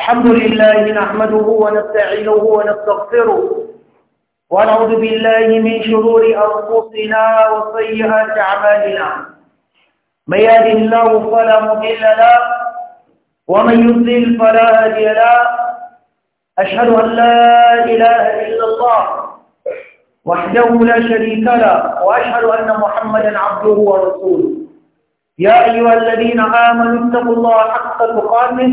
الحمد لله نحمده ونستعينه ونستغفره ونعوذ بالله من شرور أنفسنا وسيئات أعمالنا من يهد الله فلا مضل له ومن يضلل فلا هادي له أشهد أن لا إله إلا الله وحده لا شريك له وأشهد أن محمدا عبده ورسوله يا أيها الذين آمنوا اتقوا الله حق تقاته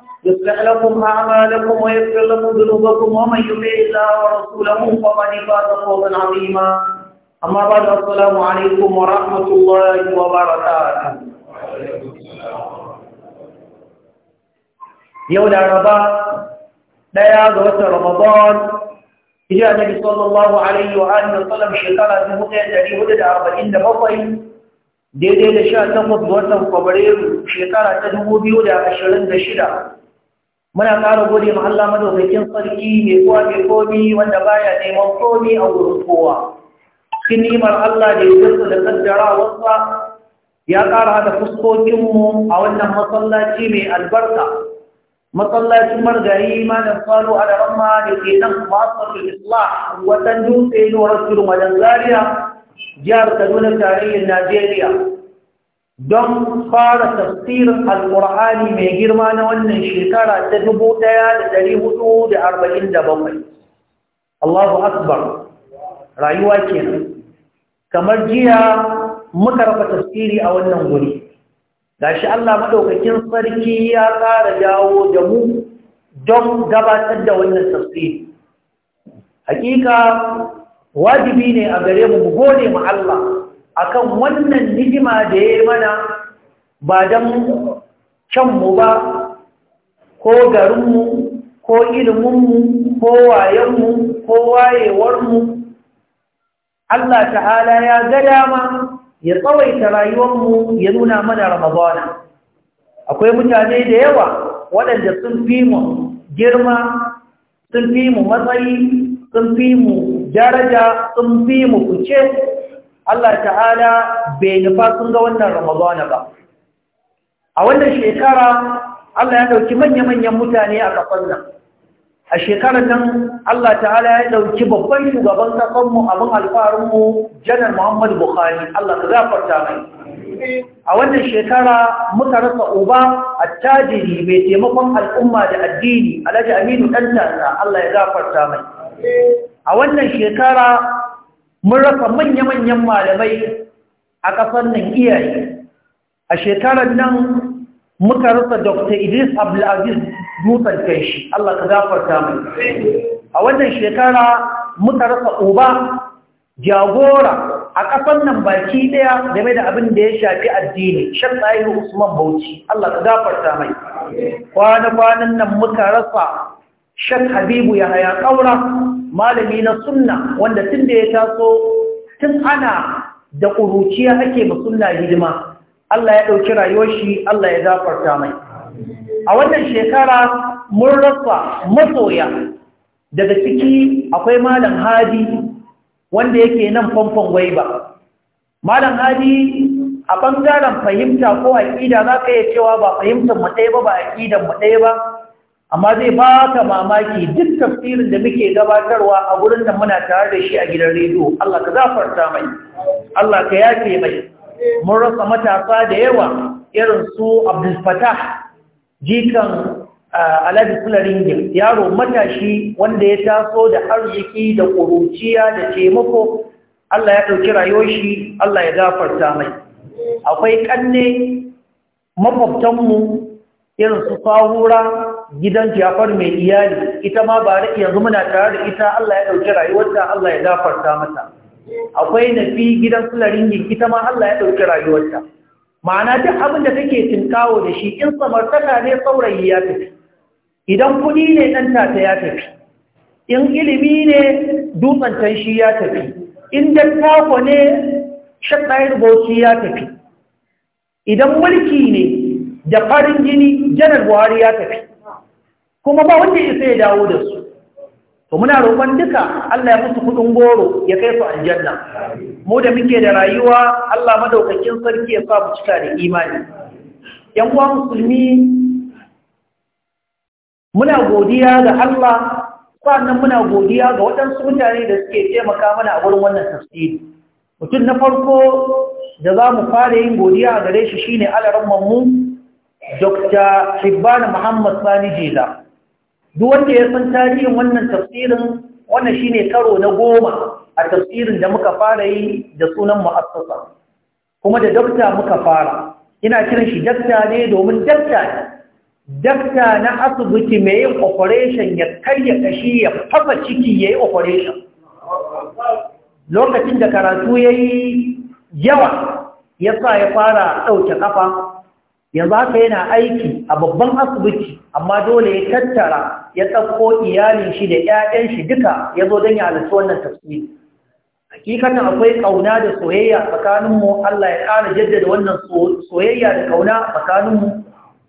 يصلح لكم أعمالكم ويغفر لكم ذنوبكم ومن يطع الله ورسوله فقد فاز فوزا عظيما أما بعد السلام عليكم ورحمة الله وبركاته يوم الأربعاء ديا غوث رمضان جاء النبي صلى الله عليه وآله وسلم شكرا في مدة تاريخ مدة أربعين دقيقة daidai da sha takwas ga watan fabrairu shekara ta dubu biyu da muna ƙara gode ma Allah madaukakin sarki mai kowa mai komi wanda baya neman komi a wurin kowa cikin nimar Allah da ya da kaddara wasa ya ƙara haɗa fuskokinmu a wannan masallaci mai albarka masallacin margari malam salo a daren ma da ke nan masar Islam" watan dutse ne wa rasulun wajen zaria jihar kaduna tarayyar najeriya don fara tafsirin alƙur'ani mai girma na wannan shekara ta dubu ɗaya da da arba'in da bakwai. Allahu Akbar rayuwa kenan kamar jiya muka rafa tafsiri a wannan guri gashi Allah madaukakin sarki ya ƙara dawo da mu don gabatar da wannan tafsiri hakika wajibi ne a gare mu mu gode ma Allah akan wannan nijima da ya mana ba don canmu ba ko garinmu ko iliminmu ko wayenmu ko wayewarmu Allah ta'ala ya ga dama ya tsawaita rayuwarmu ya nuna mana ramadana akwai mutane da yawa waɗanda sun fi mu girma sun fi mu matsayi sun fi mu daraja sun fi mu kuce Allah ta'ala bai nufa sun ga wannan Ramadana ba. A wannan shekara Allah ya ɗauki manya-manyan mutane a ƙasar nan. A shekarar nan Allah ta'ala ya ɗauki babban shugaban kafanmu abin al'faharinmu janar Muhammadu Bukhari Allah ka zafarta mai. A wannan shekara muka rasa uba a tajiri mai taimakon al'umma da addini Alhaji Aminu ɗan Allah ya zafarta mai. A wannan shekara mun rasa manya-manyan malamai a ƙasar nan iyaye a shekarar nan muka rasa dr idris abdulaziz dutsen kai shi allah ka zafarta mai a wannan shekara muka rasa uba jagora a ƙasar nan baki ɗaya game da abin da ya shafi addini shan tsayin usman bauchi allah ka zafarta mai kwana nan muka rasa shan habibu ya haya ƙaura malami na sunna wanda tun da ya taso tun ana da ƙuruciya ake ba sunna hidima Allah ya ɗauki rayuwar shi Allah ya zafarta mai a wannan shekara mun rasa masoya daga ciki akwai malam hadi wanda yake nan famfon waiba malam hadi a ɓangaren fahimta ko aƙida za ka iya cewa ba fahimtar mu ɗaya ba ba aƙidan mu ɗaya ba amma zai baka mamaki duk tafsirin da muke gabatarwa a gurin da muna tare da shi a gidan rediyo Allah ka zafarta mai Allah ka yafe mai mun rasa matasa da yawa irin su Abdul Fattah jikan uh, Alhaji ne yaro matashi wanda ya taso da arziki da ƙuruciya da taimako Allah ya ɗauki rayuwar shi Allah ya gafarta mai akwai kanne, ƙanne mu. irin su sahura gidan jafar mai iyali ita ma ba yanzu muna tare da ita Allah ya ɗauki rayuwarta Allah ya gafarta mata akwai fi gidan sularin yi. ita ma Allah ya ɗauki rayuwarta ma'ana duk abin da kake tinkawo da shi in samartaka ne saurayi ya tafi idan kuɗi ne ɗan tata ya tafi in ilimi ne dutsen tanshi ya tafi in dattako ne shaɗayar bauchi ya tafi idan mulki ne da farin jini janar buhari ya tafi kuma ba wanda isa ya dawo da su to muna roƙon duka Allah ya musu kudin goro ya kai su aljanna mu da muke da rayuwa Allah madaukakin sarki ya sa mu cika da imani yan uwa musulmi muna godiya ga Allah sannan muna godiya ga waɗansu mutane da suke taimaka mana a wurin wannan tafsiri mutum na farko da za mu fara yin godiya a gare shi shine alaramman mu Dokta Shibbana Muhammad Sani Jela. Duk wanda ya san tarihin wannan tafsirin wannan shine karo na goma a tafsirin da muka fara yi da sunan mu'assasa. Kuma da dokta muka fara. Ina kiran shi dakta ne domin dakta ne. Dakta na asibiti mai yin operation ya karya kashi ya fafa ciki ya yi operation. Lokacin da karatu ya yi yawa ya sa ya fara ɗauke ƙafa. yanzu haka yana aiki a babban asibiti amma dole ya tattara ya tsakko iyalin shi da 'ya'yan shi duka ya zo don ya halarci wannan tafsiri hakikatan akwai ƙauna da soyayya tsakaninmu Allah ya ƙara jaddada wannan soyayya da ƙauna tsakaninmu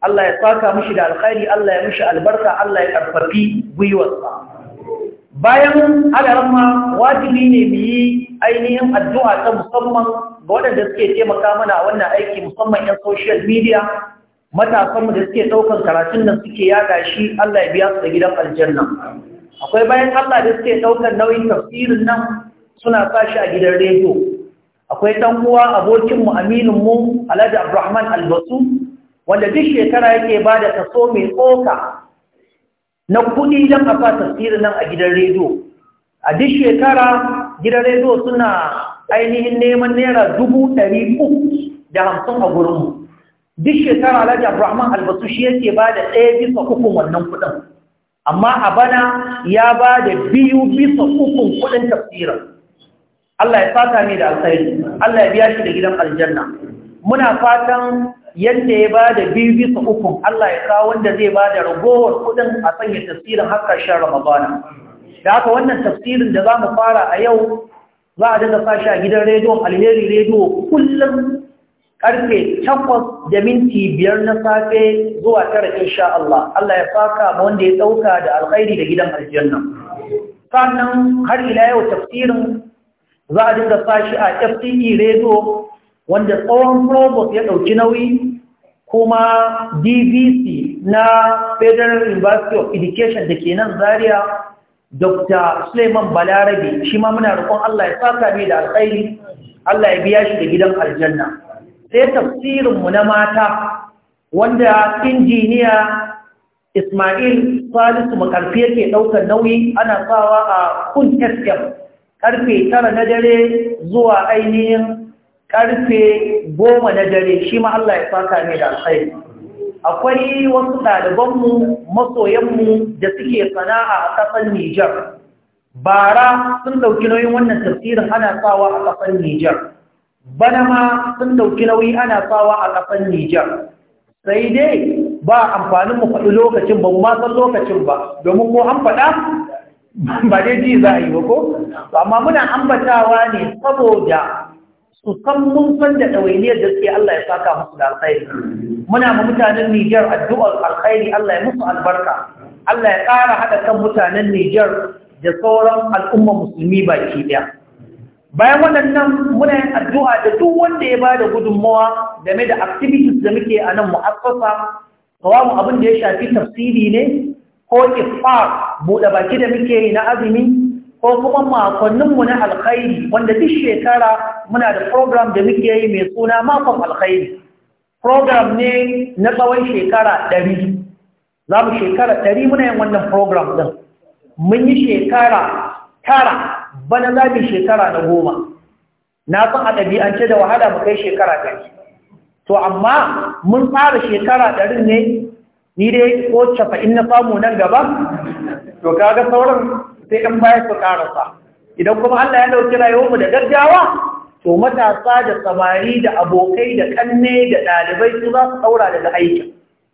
Allah ya saka mishi da alkhairi Allah ya mishi albarka Allah ya karfafi gwiwarsa bayan ma, wajibi ne mu yi ainihin addu'a ta musamman ga waɗanda suke taimaka mana a wannan aiki musamman 'yan social media matasanmu da suke ɗaukar karatun nan suke yada shi Allah ya biya su da gidan aljanna akwai bayan Allah da suke ɗaukar nauyin tafsirin nan suna sa shi a gidan rediyo akwai ɗan uwa abokinmu amininmu Alhaji Abdulrahman Albasu wanda duk shekara yake ba da kaso mai tsoka na kuɗi don a sa tafsirin nan a gidan rediyo a duk shekara gidan rediyo suna ainihin neman naira dubu ɗari uku da hamsin a gurinmu duk shekara alhaji abdurrahman albasu shi yake ba da ɗaya bisa uku wannan kuɗin amma a bana ya ba da biyu bisa uku kuɗin tafsirar. Allah ya fata ne da alkhairi Allah ya biya shi da gidan aljanna muna fatan yadda ya ba da biyu bisa uku Allah ya kawo wanda zai ba da ragowar kuɗin a sanya tafsirin har ƙarshen ramadana da haka wannan tafsirin da za mu fara a yau za a dinga sa shi a gidan rediyon alheri rediyo kullum karfe takwas da minti biyar na safe zuwa tara insha Allah Allah ya faka ma wanda ya dauka da alkhairi da gidan aljanna sannan har ila yau tafsirin za a dinga sa shi a FTE rediyo wanda tsawon provost ya dauki nauyi kuma DVC na Federal University of Education da ke nan Zaria Dr. Suleiman Balarabe shi ma muna rukun Allah ya saka mai da alkhairi Allah ya biya shi da gidan aljanna sai tafsirin mu na mata wanda injiniya Ismail Salisu makarfi yake ɗaukar nauyi ana sawa a kun FM karfe tara na dare zuwa ainihin karfe goma na dare shi ma Allah ya saka mai da alkhairi akwai wasu ɗalibanmu masoyanmu da suke sana'a a ƙasar Nijar. Bara sun ɗauki nauyin wannan tafsirin ana sawa a ƙasar Nijar. Bana ma sun ɗauki nauyi ana sawa a ƙasar Nijar. Sai dai ba amfanin mu faɗi lokacin ba, mu ma san lokacin ba, domin ko an faɗa ba dai ji za a yi ba ko? Amma muna ambatawa ne saboda su san mun san da ɗawainiyar da suke Allah ya saka musu da alkhairi. muna ma mutanen Nijar addu'ar alkhairi Allah ya musu albarka Allah ya ƙara haɗa kan mutanen Nijar da sauran al'umma musulmi baki ɗaya bayan waɗannan muna yin addu'a da duk wanda ya ba da gudunmawa game da activities da muke a nan mu'assasa kawamu abin da ya shafi tafsiri ne ko ifar buɗe baki da muke yi na azumi ko kuma makonninmu na alkhairi wanda duk shekara muna da program da muke yi mai suna makon alkhairi program ne na tsawon shekara ɗari za mu shekara ɗari muna yin wannan program ɗin mun yi shekara tara bana za mu shekara na goma na san a ɗabi'ance da wahala mu kai shekara ɗari to amma mun fara shekara ɗari ne ni dai ko in na samu nan gaba to kaga sauran sai ɗan baya su ƙarasa idan kuma Allah ya ɗauki rayuwarmu da gaggawa to matasa da samari da abokai da kanne da ɗalibai su za su ɗaura daga aikin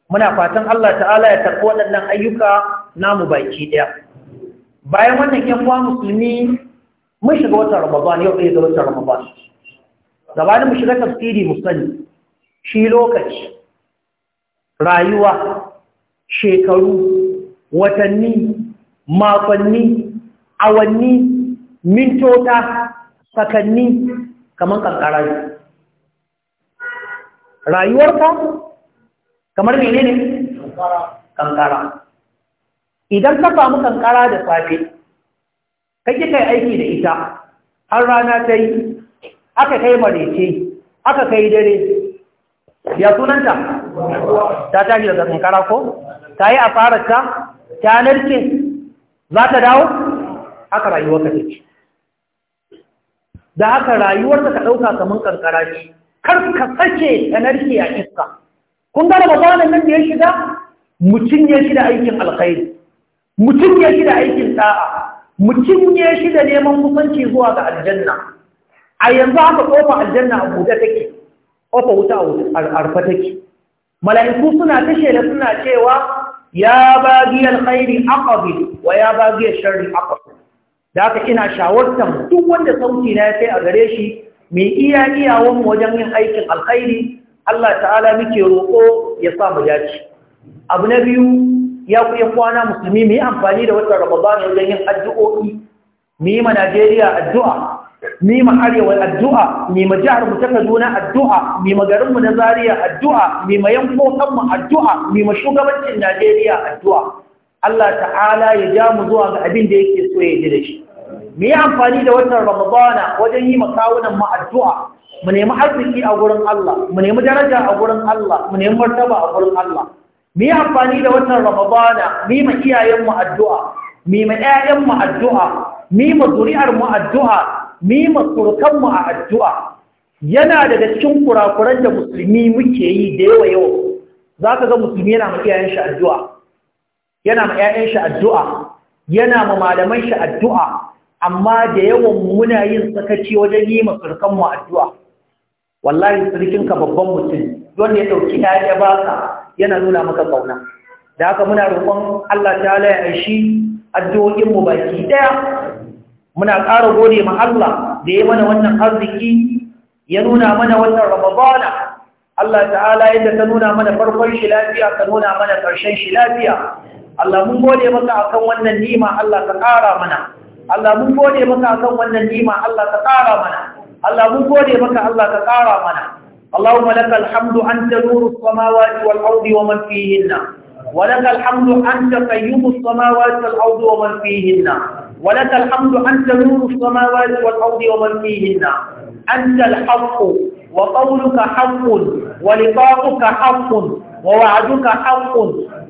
muna fatan Allah ta'ala ya karɓi waɗannan ayyuka namu baki ɗaya bayan wannan ƴan uwa musulmi mun shiga watan Ramadan yau ɗaya ga watan Ramadan gabanin mu shiga tafsiri mu shi lokaci rayuwa shekaru watanni makonni awanni mintota sakanni kamar kankara yi. rayuwarka kamar mene ne kankara idan ka samu kankara da safe kake kai aiki da ita har rana ta yi aka kai marece aka kai dare ya sunanta ta tashi daga kankara ko ta yi a fara ta narke za ta dawo aka rayuwa ka ce. da haka rayuwarka ka ɗauka kamar kankara ne kar ka sace ta narke a iska kun gane maganar nan da ya shiga mutum ya shi da aikin alkhairi mutum ya shi da aikin da'a mutum ya shi da neman kusanci zuwa ga aljanna a yanzu haka kofa aljanna a buɗe take kofa wuta a arfa take mala'iku suna ta shela suna cewa ya ba bagiyar khairi aqbil wa ya ba bagiyar sharri aqbil da haka ina shawartar duk wanda sauti na ya kai a gare shi mai iya iyawan wajen yin aikin alkhairi Allah ta'ala muke roƙo ya sa mu dace abu na biyu ya ku yan kwana musulmi mu yi amfani da watan Ramadan wajen yin addu'o'i mu yi ma Najeriya addu'a mu yi ma Arewa addu'a mu ma jihar mu ta Kaduna addu'a mu ma garin mu na Zaria addu'a mu ma yankokan mu addu'a mu ma shugabancin Najeriya addu'a Allah ta'ala ya ja mu zuwa ga abin da yake so ya ji da shi mu yi amfani da wannan ramadana wajen yi makawunan mu addu'a mu nemi arziki a wurin Allah mu nemi daraja a wurin Allah mu nemi martaba a wurin Allah mu yi amfani da wannan ramadana mu yi ma iyayen mu addu'a mu yi ma ƴaƴan mu addu'a mu yi ma zuri'ar mu addu'a yi ma surukan a addu'a yana daga cikin kurakuran da musulmi muke yi da yawa yawa ka ga musulmi yana ma iyayen shi addu'a yana ma shi addu'a yana ma malaman shi addu'a amma da yawan muna yin sakaci wajen yi ma surkanmu addu'a wallahi surkinka babban mutum don ya ɗauki ya baka yana nuna maka ƙauna da haka muna roƙon Allah ta ya shi addu'o'inmu baki ɗaya muna ƙara gode ma Allah da ya mana wannan arziki ya nuna mana wannan ramadana Allah ta'ala yadda ka nuna mana farkon shi lafiya ka nuna mana ƙarshen shi lafiya Allah mun gode maka akan wannan nima Allah ka ƙara mana Allah mun gode maka akan wannan nima Allah ka ƙara mana Allah mun gode maka Allah ka ƙara mana اللهم لك الحمد أنت نور السماوات والأرض ومن فيهن ولك الحمد أنت قيوم السماوات والأرض ومن فيهن ولك الحمد أنت نور السماوات والأرض ومن فيهن أنت الحق وقولك حق ولقاؤك حق ووعدك حق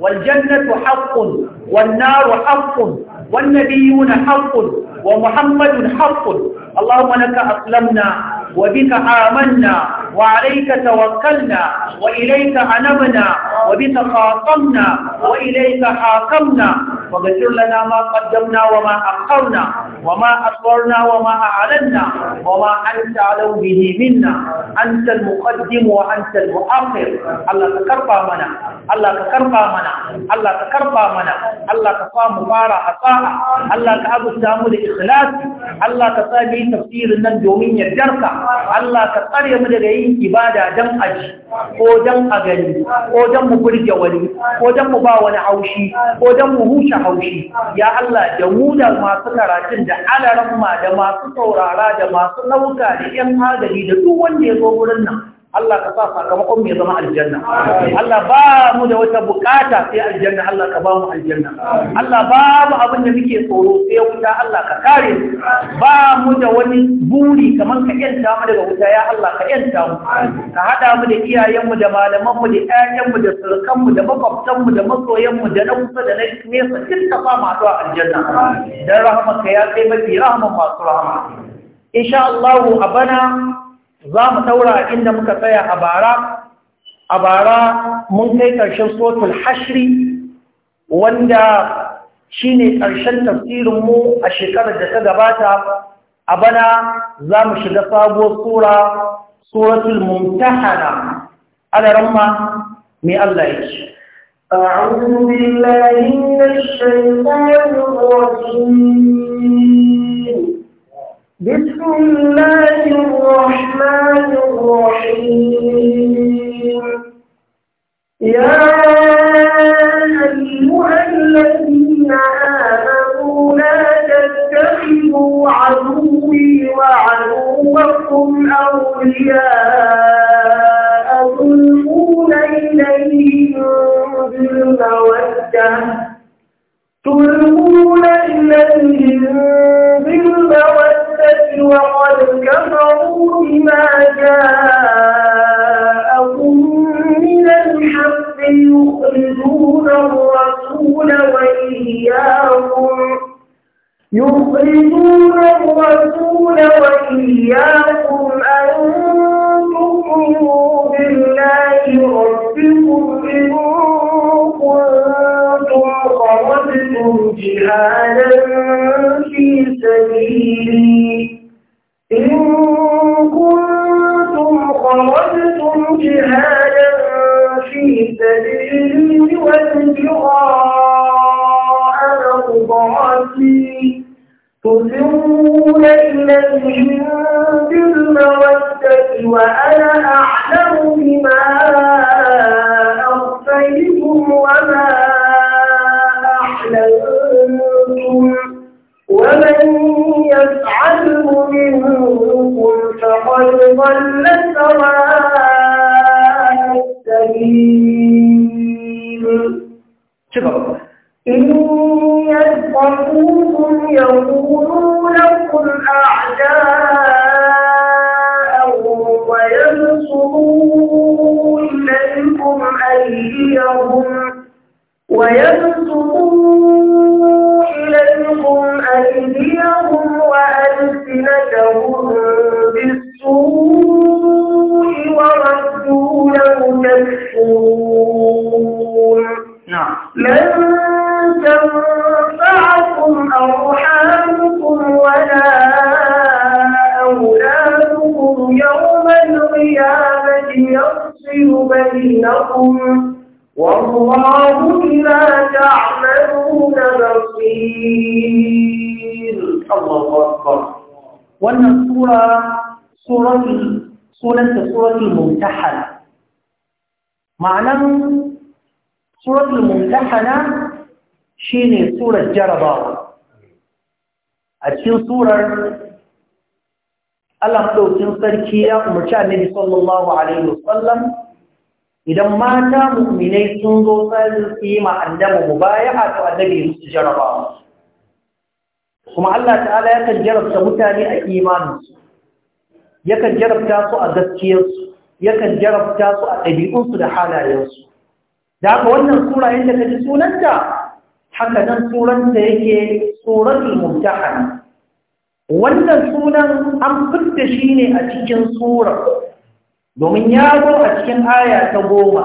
والجنة حق والنار حق والنبيون حق ومحمد حق اللهم لك أسلمنا وبك آمنا وعليك توكلنا وإليك أنبنا وبك خاصمنا وإليك حاكمنا واغفر لنا ما قدمنا وما أخرنا وما أسررنا وما أعلنا وما أنت علو به منا أنت المقدم وأنت المؤخر الله تكرفى منا الله تكرفى منا الله تكرفى منا الله تصام مبارا أطاع الله كأبو السامو لإخلاص الله تصابي تفسير النجومين يجرك Allah ka tsare mu daga yin ibada don aji ko don a ko don mu burge wani ko don mu ba wani haushi ko don mu huce haushi ya Allah da mu da masu karatun da alaran da masu saurara da masu nauka da yan magani da duk wanda ya zo wurin nan Allah ka sa sakamakon mai zama aljanna Allah ba mu da wata bukata sai aljanna Allah ka ba mu aljanna Allah ba mu abin da muke tsoro sai wuta Allah ka kare ba mu da wani buri kamar ka yanta mu daga wuta ya Allah ka yanta mu ka hada mu da iyayen mu da malaman mu da ƴaƴan mu da surkan mu da makwabtan mu da masoyan mu da na kusa da na nesa duk ka ba mu aljanna dan ka ya kai mafi rahman masu rahama insha Allah a bana za mu daura inda muka tsaya a bara a bara mun kai ƙarshen sotul hashri wanda shi ne ƙarshen tafsirinmu a shekarar da ta gabata a bana za mu shiga sabuwar sura suratul mumtahana alaramma mai Allah yake أعوذ بالله من الشيطان الرجيم بسم الله الرحمن الرحيم يا أيها الذين آمنوا لا تتخذوا عدوي وعدوكم أولياء تلقون إليهم بالمودة تلقون إليهم كفروا بما جاءهم من الحق يخرجون الرسول وإياهم يخرجون الرسول وإياكم أن تؤمنوا بالله ربكم إن كنتم خرجتم جهادا في سبيله سبيلي وابتغاء مرضاتي تسرون إليهم بالمودة وأنا أعلم بما jarabawa a cikin surar Allah ɗaukin sarki ya umarci annabi sallallahu alaihi wasallam idan mata mu'minai sun zo sai su yi ma annabi mubaya'a to annabi su jaraba. kuma Allah ta'ala ya kan jarabta mutane a imaninsu kan jarabta su a gaskiyarsu kan jarabta su a ɗabi'unsu da halayensu da haka wannan sura yadda ka ji sunanta haka nan sunanta yake suratul mumtahana wannan sunan an fitta shi ne a cikin sura domin ya zo a cikin aya ta goma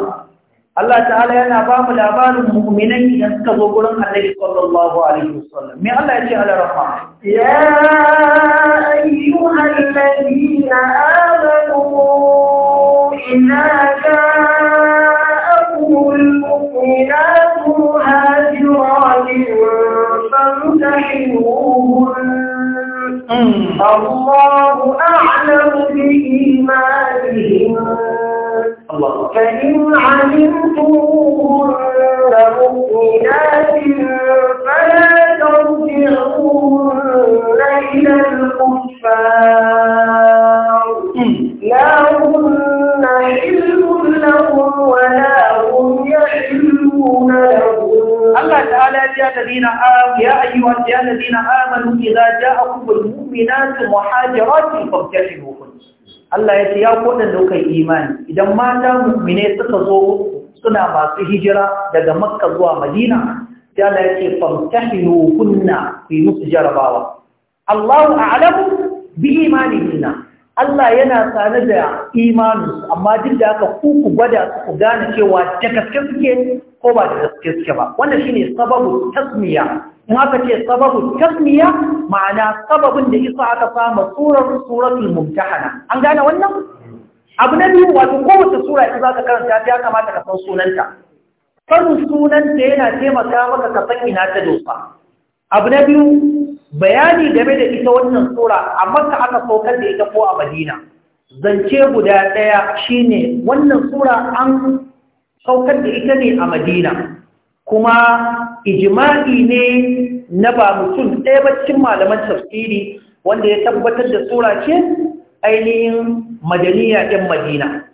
Allah ta'ala yana ba mu labarin mu'minai idan suka zo gurin Annabi sallallahu alaihi wasallam me Allah ya ce ala rahma ya ayyuhal ladina amanu idza فأمسكوهن الله أعلم بإيمانهم فإن علمتموهن مؤمنات فلا ترجعوهن إلى الكفار لا أيها الذين آمنوا يا أيها الذين آمنوا إذا جاءكم المؤمنات مهاجرات فابتشروهن Allah ya ce ya waɗanda kuka yi imani idan mata mu'mine suka zo suna masu hijira daga Makka zuwa Madina sai Allah ya ce famtahinu kunna fi musu jarabawa Allahu a'lamu bi imanihinna Allah yana sane da imaninsu amma duk da aka kuku gwada su ku gane cewa da gaske suke ko ba da gaske suke ba wannan shine sababu tasmiya in aka ce sababu tasmiya ma'ana sababin da isa aka samu surar suratul mumtahana an gane wannan abu na biyu wato kowace sura idan zaka karanta ta kamata ka san sunanta sanin sunanta yana taimaka maka ka san ina ta dofa. abu na biyu bayani game da ita wannan sura a maka aka saukar da ita ko a madina zance guda ɗaya shine wannan sura an saukar da ita ne a madina kuma ijima'i ne na ba mutum ɗaya bacin malaman tafsiri wanda ya tabbatar da sura ce ainihin madaniya ɗin madina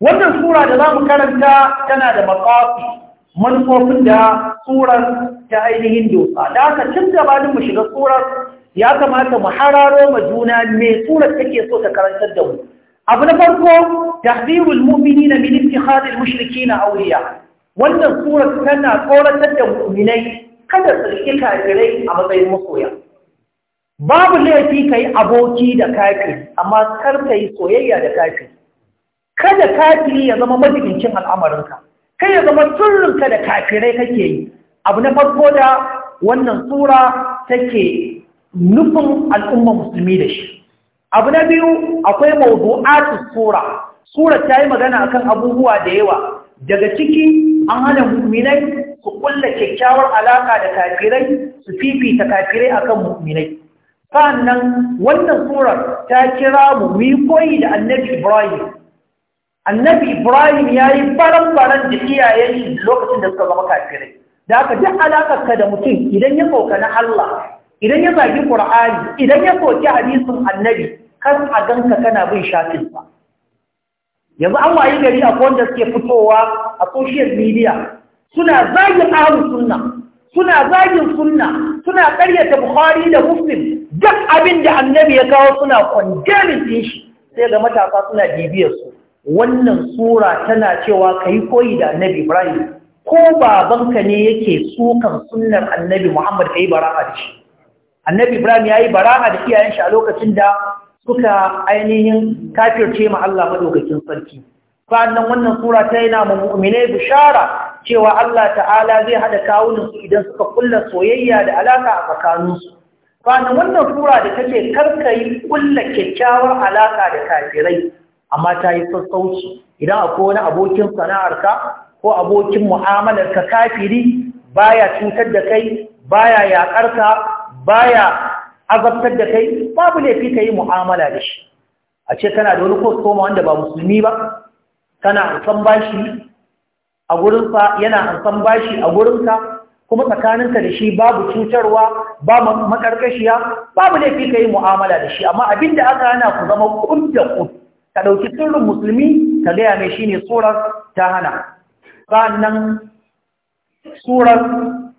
wannan sura da za mu karanta tana da makafi manufofin da tsurar ta ainihin dosa da aka cin gabanin mu shiga tsurar ya kamata mu hararo ma juna me tsurar take so ta karantar da mu abu na farko mumini na min ittikhadil na awliya wannan tsurar tana tsoratar da mu'minai kada su rike kafirai a matsayin masoya babu laifi kai aboki da kafiri amma kar yi soyayya da kafiri kada kafiri ya zama majigincin al'amarinka kai ya zama turrinka da kafirai kake yi abu na farko da wannan sura take nufin al'umma musulmi da shi abu na biyu akwai mawdu'atu sura sura ta yi magana akan abubuwa da yawa daga ciki an hana mu'minai su kulla kyakkyawar alaka da kafirai su fifita kafirai akan mu'minai sannan wannan surar ta kira mu mu koyi da annabi Ibrahim annabi ibrahim ya yi faran-faran da iyayen lokacin da suka zama kafirai da aka duk ka da mutum idan ya tsokani allah idan ya zagi ƙur'ani idan ya soki hadisin annabi kan a ganka kana bin shafinsa yanzu an wayi gari a wanda suke fitowa a social media suna zagin ahlus sunna suna zagin sunna suna karyata bukhari da muslim duk abin da annabi ya kawo suna condemning din shi sai ga matasa suna bibiyar su wannan sura tana cewa ka yi koyi da annabi ibrahim ko babanka ne yake sukan sunnar annabi muhammad ka yi bara'a da shi annabi ibrahim ya yi bara'a da iyayen shi a lokacin da suka ainihin kafirce ma allah madaukakin sarki sannan wannan sura ta yana ma mu'mine bishara cewa allah ta'ala zai haɗa su idan suka kulla soyayya da alaka a tsakaninsu sannan wannan sura da take karka yi kulla kyakkyawar alaka da kafirai amma ta yi sassauci idan akwai wani abokin sana'arka ko abokin ka kafiri baya cutar da kai baya yaƙarka baya azabtar da kai babu laifi ka yi mu'amala da shi a ce kana da wani kostoma wanda ba musulmi ba kana ansan bashi a gurinsa yana ansan bashi a gurinka kuma tsakaninka da shi babu cutarwa ba makarkashiya babu laifi ka yi mu'amala da shi amma abinda aka hana ku zama kun da ka ɗauki sirrin musulmi ka gaya mai shi ne tsoron ta hana sannan tsoron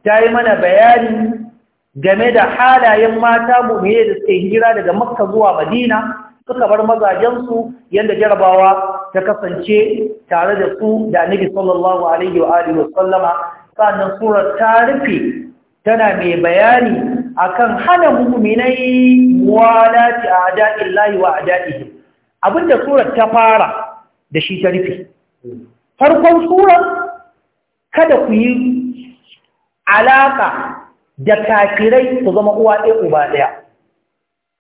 ta yi mana bayani game da halayen mata mu mai da suke hijira daga makka zuwa madina suka bar mazajensu yadda jarabawa ta kasance tare da su da annabi sallallahu alaihi wa alihi wasallama sannan surar ta rufe tana mai bayani akan hana mu'minai muwalati a'da'illahi wa a'da'ihi abinda surar ta fara da shi ta rufe farkon surar kada ku yi alaƙa da kafirai ku zama uwa ɗaya uba ɗaya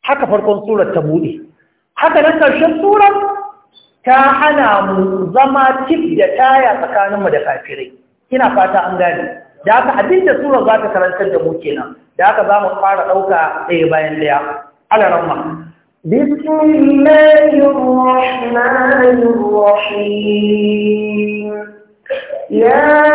haka farkon surar ta buɗe haka na ƙarshen surar ta hana mu zama tif da taya tsakaninmu da kafirai ina fata an gane da haka abinda surar za ta karantar da mu kenan da haka za mu fara ɗauka ɗaya bayan ɗaya alaramma بسم الله الرحمن الرحيم يا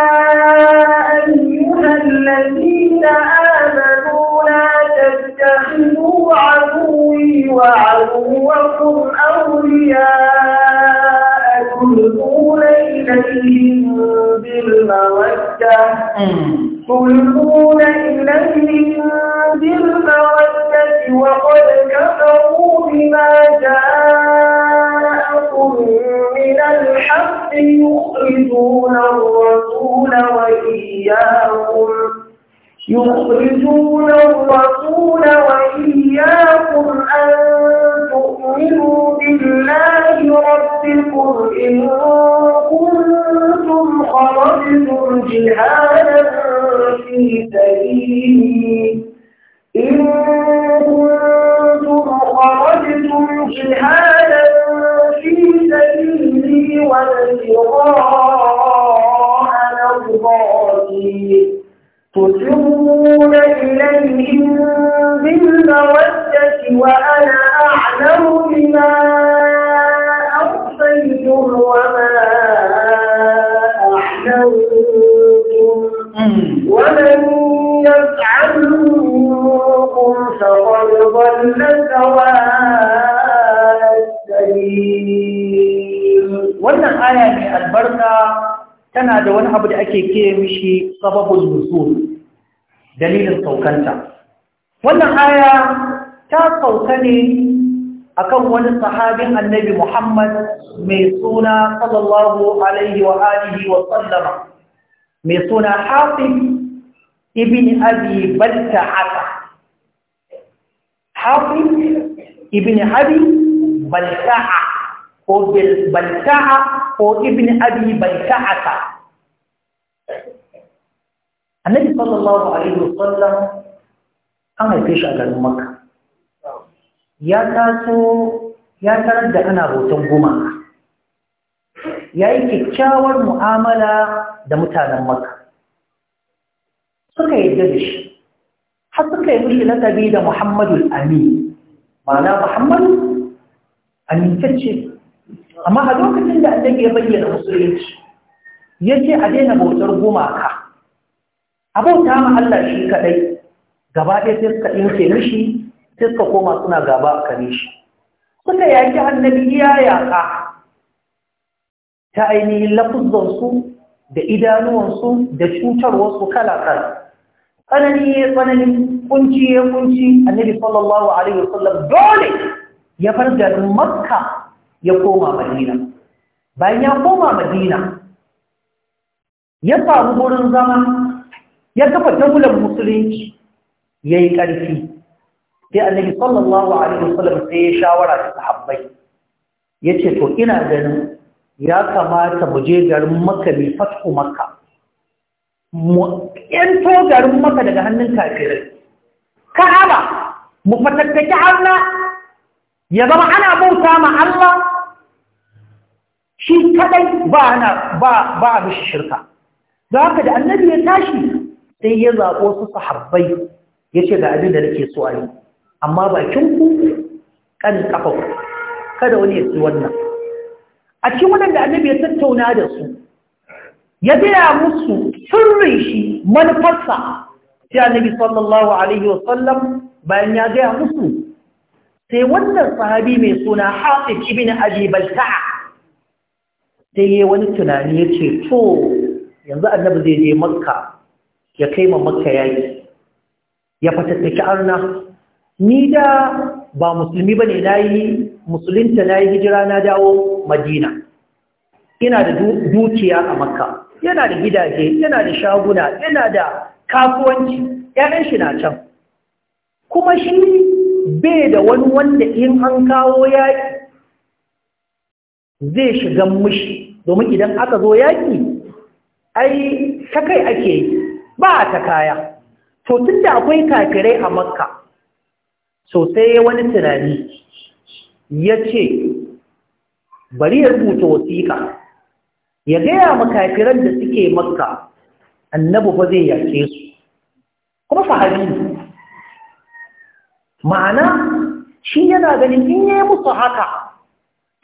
أيها الذين آمنوا لا تتخذوا عدوي وعدوكم أولياء تلقون إليهم بالمودة تلقون إليهم بالمودة وقد كفروا بما جاءكم من الحق يخرجون الرسول وإياكم يخرجون الرسول وإياكم أن تؤمنوا بالله ربكم إن كنتم خرجتم جهادا في سبيلي إن كنتم خرجتم جهادا في سبيلي وابتغاء مرضاتي تسرون إليهم بالمودة وأنا أعلم بما أرسلتم وما أعلمتم ومن يفعل منكم فقد ضل سواء السبيل. وأنا آية البركة tana da wani abu da ake ke mishi sababul nuzul dalilin saukanta wannan aya ta sauka ne akan wani sahabi annabi Muhammad mai suna sallallahu alaihi wa alihi wa sallama mai suna Hafiz ibn Abi Balta'a Hafiz ibn Abi Balta'a او بالبيتاء او ابن ابي بيتاءه النبي صلى الله عليه وسلم كان يكش على المكه يا تاسو يا ترى ده انا بوتن غمك يا يكچاور معامله ده متان مكه سكه يدش حتى كان يقول لي لتبيد محمد الامين معناه محمد أن تجد amma a lokacin da annabi ya bayyana musulunci ya ce a daina bautar gumaka a bauta ma Allah shi kaɗai gaba ɗaya sai suka ɗinke mishi sai suka koma suna gaba a kare shi suka yaki annabi iya yaƙa ta ainihin lafuzansu da idanuwansu da cutarwarsu kala-kala tsanani ya tsanani kunci ya kunci annabi sallallahu alaihi wasallam dole ya farga garin makka ya koma madina bayan ya koma madina ya samu wurin zama ya kafa daular musulunci ya yi ƙarfi sai annabi sallallahu alaihi wasallam sai ya shawara da sahabbai ya ce to ina ganin ya kamata mu je garin maka mai fatku maka mu to garin maka daga hannun kafirai ka'aba mu fatattaki Allah ya zama ana bauta ma Allah shi kadai ba na ba ba mishi shirka don haka da annabi ya tashi sai ya zaɓo su sahabbai ya ce ga abin da nake so a yi amma bakin ku kan kafa kada wani ya ci wannan a cikin wannan da annabi ya tattauna da su ya gaya musu sirrin shi manufarsa sai annabi sallallahu alaihi wa sallam bayan ya gaya musu sai wannan sahabi mai suna Hafiz ibn Abi Balta'a sai yi wani tunani ya ce to yanzu annabi zai je makka ya kai ma makka yaki ya fatattaki arna ni da ba musulmi ba ne na yi musulunta na yi hijira na dawo madina Ina da dukiya a makka yana da gidaje yana da shaguna yana da kasuwanci ‘ya'yan shi na can kuma shi bai da wani wanda in an kawo yaƙi zai shiga mushi domin idan aka zo yaƙi ai ta kai ake ba ta kaya to tun da akwai kafirai a makka sosai wani tunani ya ce bari ya rubuta wasiƙa ya gaya ma makafiran da suke makka annabi ba zai yake su kuma sahabi ma'ana shi yana ganin in yi musu haka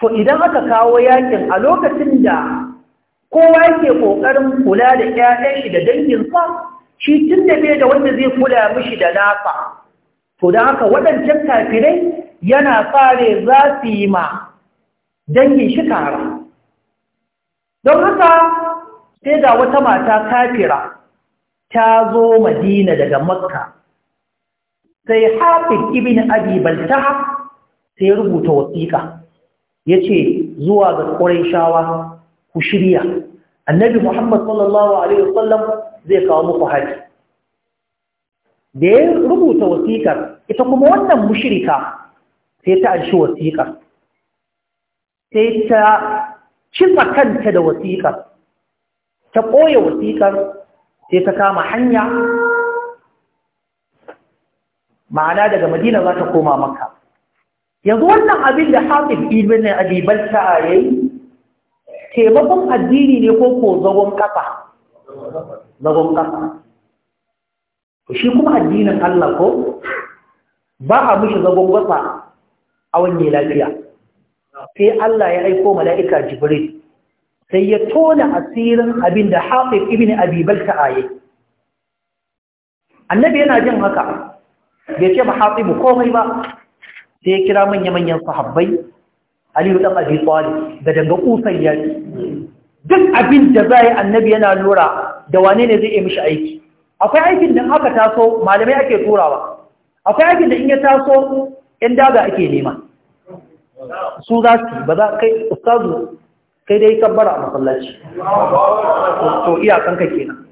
to idan aka kawo yakin a lokacin da kowa yake ƙoƙarin kula da 'ya'yan shi da danginsa shi tun da bai da wanda zai kula mishi da nasa to da haka waɗancan kafirai yana fare za su yi ma dangin shi kara don haka sai ga wata mata kafira ta zo madina daga makka sai hafi ibn abi baltaha sai rubuta wasiƙa ya ce zuwa ga shawa ku shirya annabi muhammad sallallahu alaihi wasallam zai kawo muku haji da ya rubuta wasiƙar ita kuma wannan mushirika sai ta anshi wasiƙar sai ta cifa kanta da wasiƙar ta ɓoye wasiƙar sai ta kama hanya ma'ana daga madina za ta koma maka yanzu wannan abin da hafiz ibn abi balta yayi taimakon addini ne ko ko zagon kafa zagon kafa shi kuma addinin Allah ko ba a mishi zagon kafa a wani lafiya sai Allah ya aiko mala'ika jibril sai ya tona asirin abin da hafiz ibn abi balta yayi annabi yana jin haka bai ce ba hafiz komai ba sai ya kira manya-manyan sahabbai aliyu ɗan abi tsari da danga ƙusan yaki duk abin da za yi annabi yana lura da wane ne zai iya mishi aiki akwai aikin da haka taso malamai ake turawa akwai aikin da in ya taso ‘yan daga ake nema su za su ba za kai ustazu kai dai kabbara a masallaci to iyakanka kenan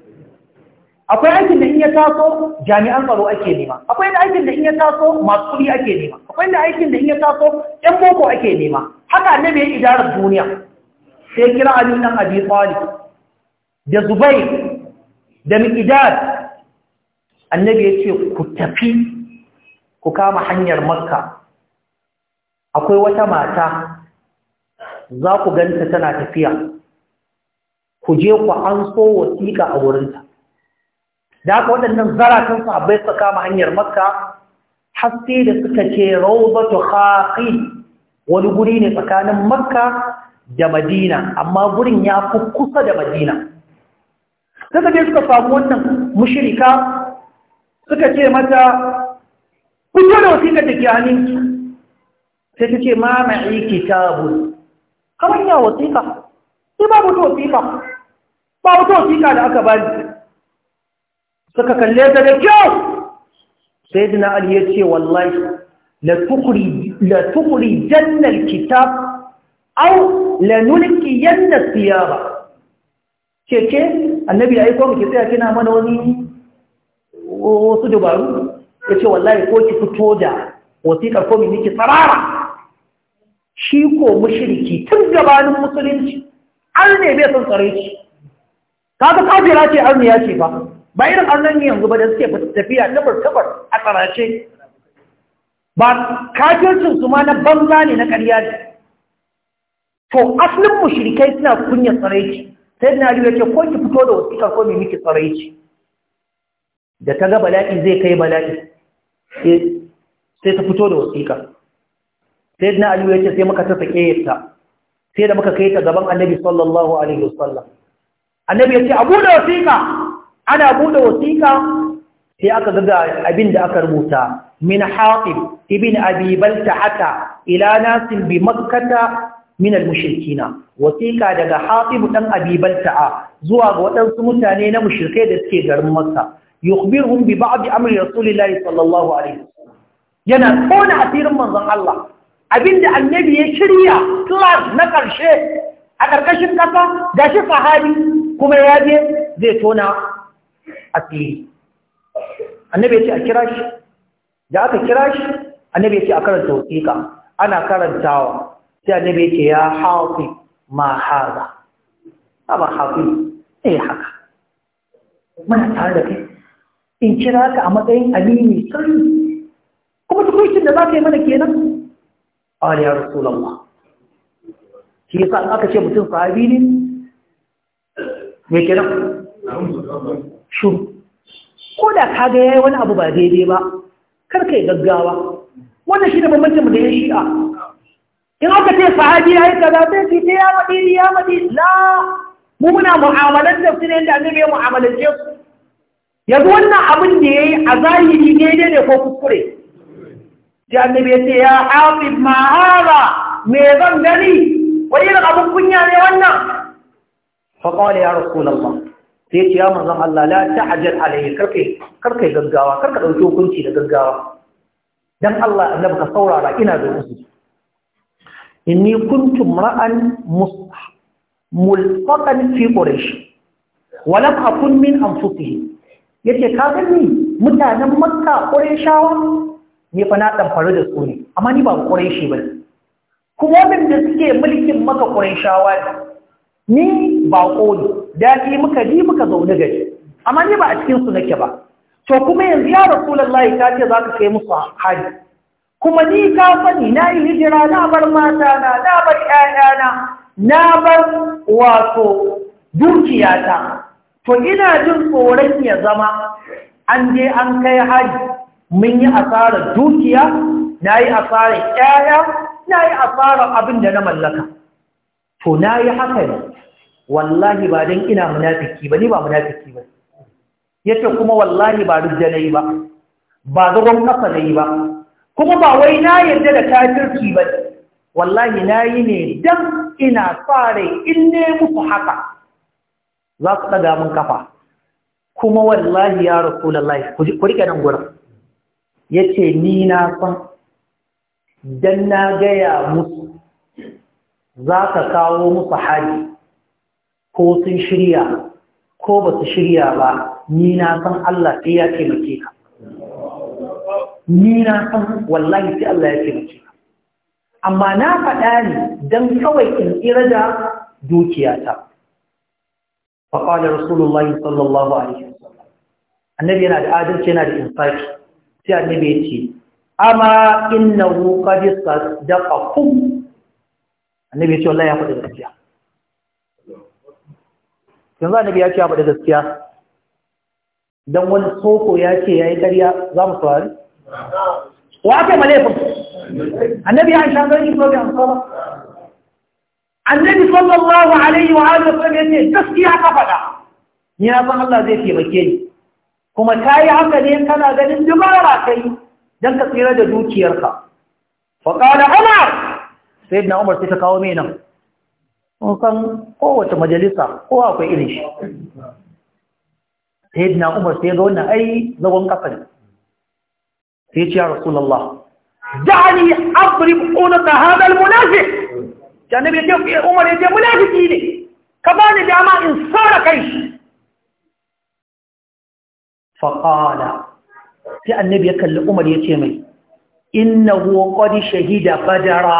akwai aikin da in ya taso jami'an tsaro ake nema akwai da aikin da in ya taso masu kuɗi ake nema akwai da aikin da in ya taso ƴan boko ake nema haka annabi ya idarar duniya sai kira Ali dan Abi Talib da zubai da Miqdad annabi ya ce ku tafi ku kama hanyar Makka akwai wata mata za ku ganta tana tafiya ku je ku an so wasiƙa a wurinta da haka waɗannan zaratan sahabbai suka kama hanyar makka haske da suka ce rawdatu khaqi wani guri ne tsakanin makka da madina amma gurin ya fi kusa da madina suka ce suka samu wannan mushrika suka ce mata fito da wasu da ke hannunki sai ta ce ma ma'i kitabun kamar ya wasiƙa sai ba mutu wasiƙa ba wata wasiƙa da aka bani suka kalle ta da kyau sai dina ali ya ce wallahi la tukuri jannal kitab au la nulki yanna siyaba ce annabi ya yi kwa muke tsaya kina mana wani wasu dabaru ya ce wallahi ko ki fito da wasiƙar komi miki tsarara shi ko mushiriki tun gabanin musulunci an ne bai son tsare shi kaga kafira ce an ya ce ba bayan irin yanzu ba da suke tafiya tabar-tabar a tsarace ba kafircin su ma na banza ne na ƙarya ne to asalin mushrikai suna kunya tsaraici sai na riyo ce ko ki fito da wasikar ko mai miki tsaraici da ta ga bala'i zai kai bala'i sai ta fito da wasikar sai na riyo ce sai muka ta sake yadda, sai da muka kai ta gaban annabi sallallahu alaihi wasallam annabi ya ce abu da wasika ana buɗe wasiƙa sai aka ga abin da aka rubuta min haƙib ibn abi balta'ata ila nasin bi makkata min al wasiƙa daga haƙib dan abibalta a zuwa ga waɗansu mutane na mushrikai da suke garin makka yukhbiruhum bi ba'd amri rasulillahi sallallahu alaihi wasallam yana kona asirin manzon Allah abinda annabi ya shirya class na ƙarshe a ƙarƙashin ƙasa shi sahabi kuma ya je zai tona asiri annabi ya ce a kira shi da aka kira shi annabi ya ce a karanta wasiqa ana karantawa sai annabi ya ce ya hafi ma haza aba hafi eh haka mun tare da kai in kira ka a matsayin amini sai kuma tukuncin da za yi mana kenan a ya rasulullah shi yasa aka ce mutum sahabi ne me kenan shuru ko da ka ga yayi wani abu ba daidai ba kar yi gaggawa wannan shi da bambancin mu da ya shi'a in aka ce sahabi yayi kaza sai ki ce ya madi ya madi la mu muna mu'amalar da su ne da annabi ya mu'amalance su yanzu wannan abin da yayi a zahiri daidai ne ko kuskure sai annabi ya ce ya hafiz ma hada me zan gani wani irin abin kunya ne wannan fa qala ya rasulullah sai ce ya manzon Allah la ta'jal alayhi karkai karkai gaggawa karka dauki hukunci da gaggawa dan Allah annabi ka saurara ina da uzuri inni kuntu ra'an mulfaqan fi quraish wa lam akun min anfusihim yace ka gani mutanen makka qurayshawa ne fa na dan faru da su ne amma ni ba qurayshi bane kuma wanda suke mulkin maka qurayshawa ne ni baƙo ne daɗi muka ji muka zaune gari amma ni ba a cikinsu su nake ba to kuma yanzu ya layi ta ce za ka kai musu hali kuma ni ka sani na yi hijira na bar mata na na bar ƴaƴana na bar wato dukiyata to ina jin tsoron ya zama an je an kai hali mun yi asarar dukiya na yi asarar ƴaƴa na yi asarar abin da na mallaka to na yi haka ne wallahi ba don ina munafiki ba ni ba munafiki ba yace kuma wallahi ba rujja na yi ba ba zagon kafa yi ba kuma ba wai na yarda da kafirci ba wallahi na yi ne don ina fare in ne muku haka za su ɗaga min kafa kuma wallahi ya rasulullahi ku riƙe nan gurin ce ni na san don na gaya musu za ka kawo musu haji ko sun shirya ko ba su shirya ba ni na san Allah sai ya taimake ka ni na san wallahi sai Allah ya taimake ka amma na faɗa ne dan kawai in tsira da dukiyata fa qala rasulullahi sallallahu alaihi wasallam annabi yana da adalci yana da insafi sai annabi ya ce amma innahu qad sadaqakum annabi ya ce wallahi ya faɗi gaskiya yanzu annabi ya ce ya faɗi gaskiya dan wani soko ya ce ya yi ƙarya za mu saurari wa aka yi malefin annabi ya sha gani ko bai amsa ba annabi sallallahu alaihi wa alihi wa sallam yace gaskiya ka faɗa ni na san Allah zai taimake ni kuma kai haka ne kana ganin dubara kai dan ka tsira da dukiyarka fa qala umar sayyidina umar sai ta kawo mai nan kan kowace majalisa ko akwai irin shi sai na umar sai ga wannan ai zagon kasa ne sai ce ya rasulallah da'ani abrib qulata hadha almunafiq janabi ya ce umar ya ce munafiki ne ka ba ni dama in sora kai shi fa qala sai annabi ya kalli umar ya ce mai inna huwa qad shahida badara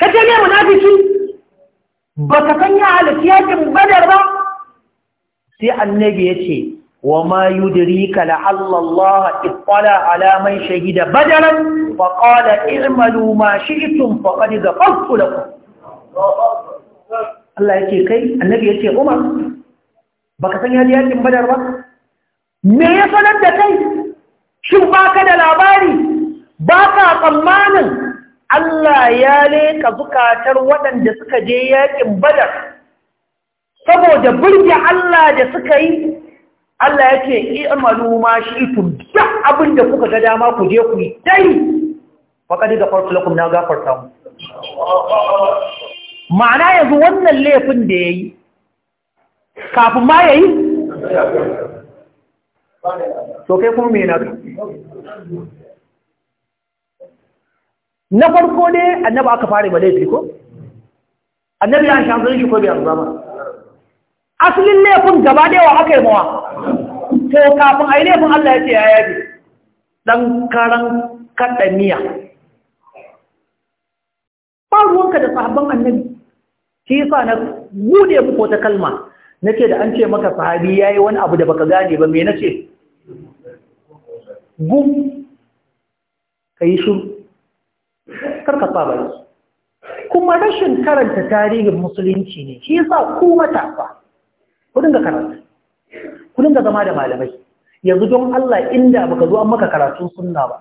ka ce ne munafiki ba ka san ya halitta yakin badar ba sai annabi ya ce wa ma yudrika la Allah ittala ala man shahida badaran fa qala i'malu ma shi'tum faqad da ku. Allah ya ce kai annabi ya ce Umar ba ka san yaji yakin badar ba me ya sanar da kai shin ka da labari Ba ka tsammanin Allah ya leka zukatar waɗanda suka je yaƙin badar saboda burge Allah da suka yi Allah ya ce i'malu ma ikun duk abin da kuka ga dama ku je ku yi dai da farko lakun na gafarta mu ma'ana yanzu wannan laifin da ya yi, kafin ma ya yi? kai kuma me na na farko ne annabi aka fara ba laifi ko annabi ya shan shi ko bai arza ba asalin laifin gaba da yawa aka yi mawa to kafin a yi laifin Allah ya ce ya yafi dan karan kaɗaniya ba ka da sahabban annabi shi yasa na bude muku wata kalma nake da an ce maka sahabi yayi wani abu da baka gane ba me nace gum kai shiru karka sa baki kuma rashin karanta tarihin musulunci ne shi yasa ku matasa ku dinga karanta ku dinga zama da malamai yanzu don Allah inda baka zo an maka karatun sunna ba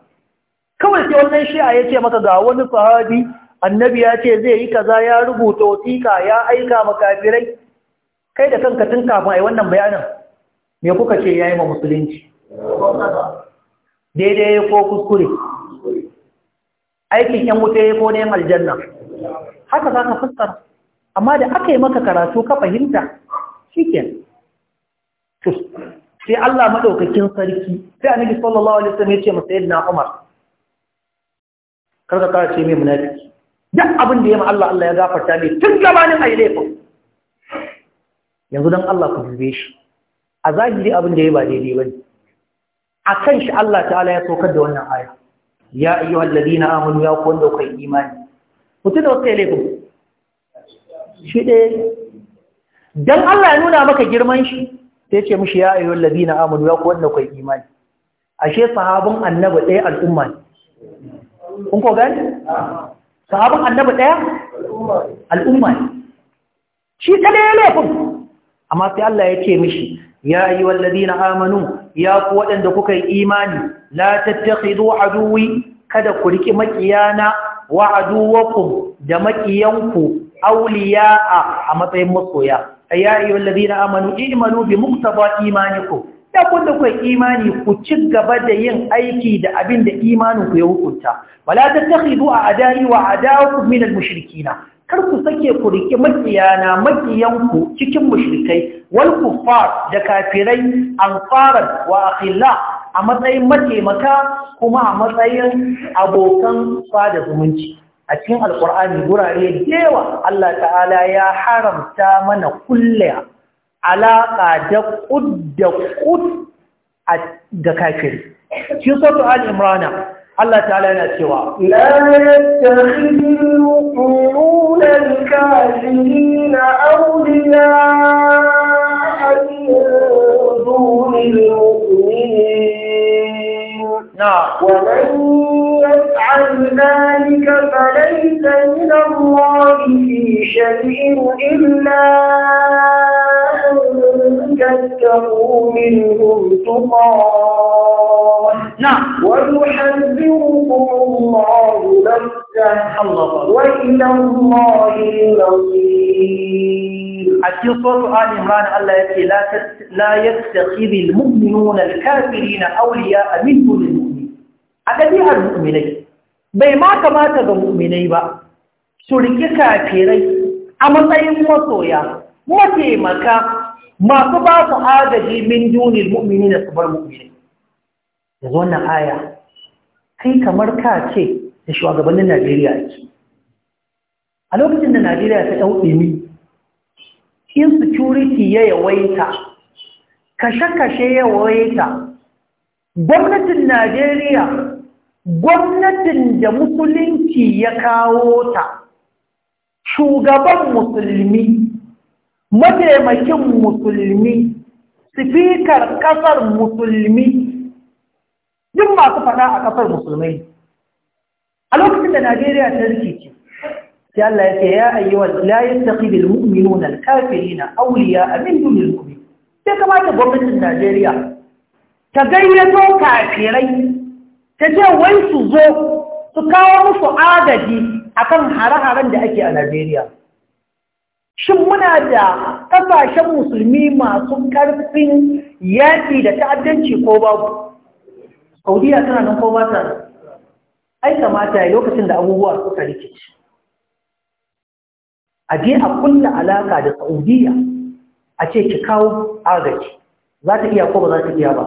kawai sai wannan shi'a ya ce maka ga wani sahabi annabi ya ce zai yi kaza ya rubuta wasiƙa ya aika makafirai kai da kanka tun kafin ai wannan bayanin me kuka ce yayi ma musulunci daidai ko kuskure aikin ‘yan wuta ya ko neman aljanna haka za ka fuskar amma da aka yi maka karatu ka fahimta shi ke sai Allah maɗaukakin sarki sai annabi sallallahu alaihi wasallam ya ce masa yadda Umar karka kara ce mai munafiki duk abin da ya ma Allah Allah ya gafarta ne tun gabanin ayi laifin yanzu dan Allah ku dube shi a zahiri abin da ya ba daidai bane akan shi Allah ta'ala ya saukar da wannan aya ya ayyuha alladhina amanu ya kuwan da kai imani mutum da wata laifin shi ɗaya Don Allah ya nuna maka girman shi sai ce mishi ya ayyuha alladhina amanu ya kuwan da kai imani ashe sahabin annaba ɗaya al'umma ne kun ko gani sahabin annaba ɗaya al'umma ne shi ɗaya laifin amma sai Allah ya ce mishi ya ayyuhal ladina amanu ya ku waɗanda kuka yi imani la tattakhidu aduwi kada ku riki makiyana wa aduwakum da makiyanku awliya'a a matsayin masoya ya ayyuhal ladina amanu imanu bi muqtaba imanikum da kun da kuka imani ku ci gaba da yin aiki da abin da imanin ku ya hukunta wala tattakhidu a'da'i wa a'da'ukum min al-mushrikina kar ku sake ku riƙe makiyana makiyanku cikin mushrikai wal kuffar da kafirai ansaran wa akhilla a matsayin mataimaka kuma a matsayin abokan fada zumunci a cikin alkur'ani gurare dewa Allah ta'ala ya haramta mana kulle alaƙa da ƙud da ƙud ga kafiri. Shi sautu al-imrana الله تعالى سوى لا يتخذ المؤمنون الكافرين أولياء دون المؤمنين نعم ومن يفعل ذلك فليس من الله في شيء إلا أن تتقوا منهم تقاه نعم ويحذركم الله نفسه وإلى الله المصير أتي صوت آل عمران الله يكي لا, لا يتخذ المؤمنون الكافرين أولياء من دون المؤمنين أكديها المؤمنين bai ma kamata ga mu'minai ba su kafirai a matsayin masoya mataimaka masu ba su agaji min dunil mu'mini su bar mu'mini da Wannan aya kai kamar ka ce da shugabannin najeriya ake a lokacin da najeriya ta ɗau in insecurity ya yawaita kashe-kashe ya yawaita gwamnatin najeriya gwamnatin da musulunci ya kawo ta shugaban musulmi mataimakin musulmi sifikar ƙasar musulmi duk masu faɗa a ƙasar musulmai a lokacin da najeriya ta rikici ya Allah ya ce ya ayyuwa la yattaqidul mu'minuna na auliya a min dunil mu'min sai kamata gwamnatin najeriya ta gayyato kafirai ta ce wai su zo su kawo musu agaji a kan hare-haren da ake a Najeriya. Shin muna da ƙasashen musulmi masu ƙarfin yaƙi da ta'addanci ko babu? Saudiya tana nan ko ba ta ai kamata lokacin da abubuwa suka rikici. A je a kulla alaka da Saudiya a ce ki kawo agaji. Za ta iya ko ba za ta iya ba?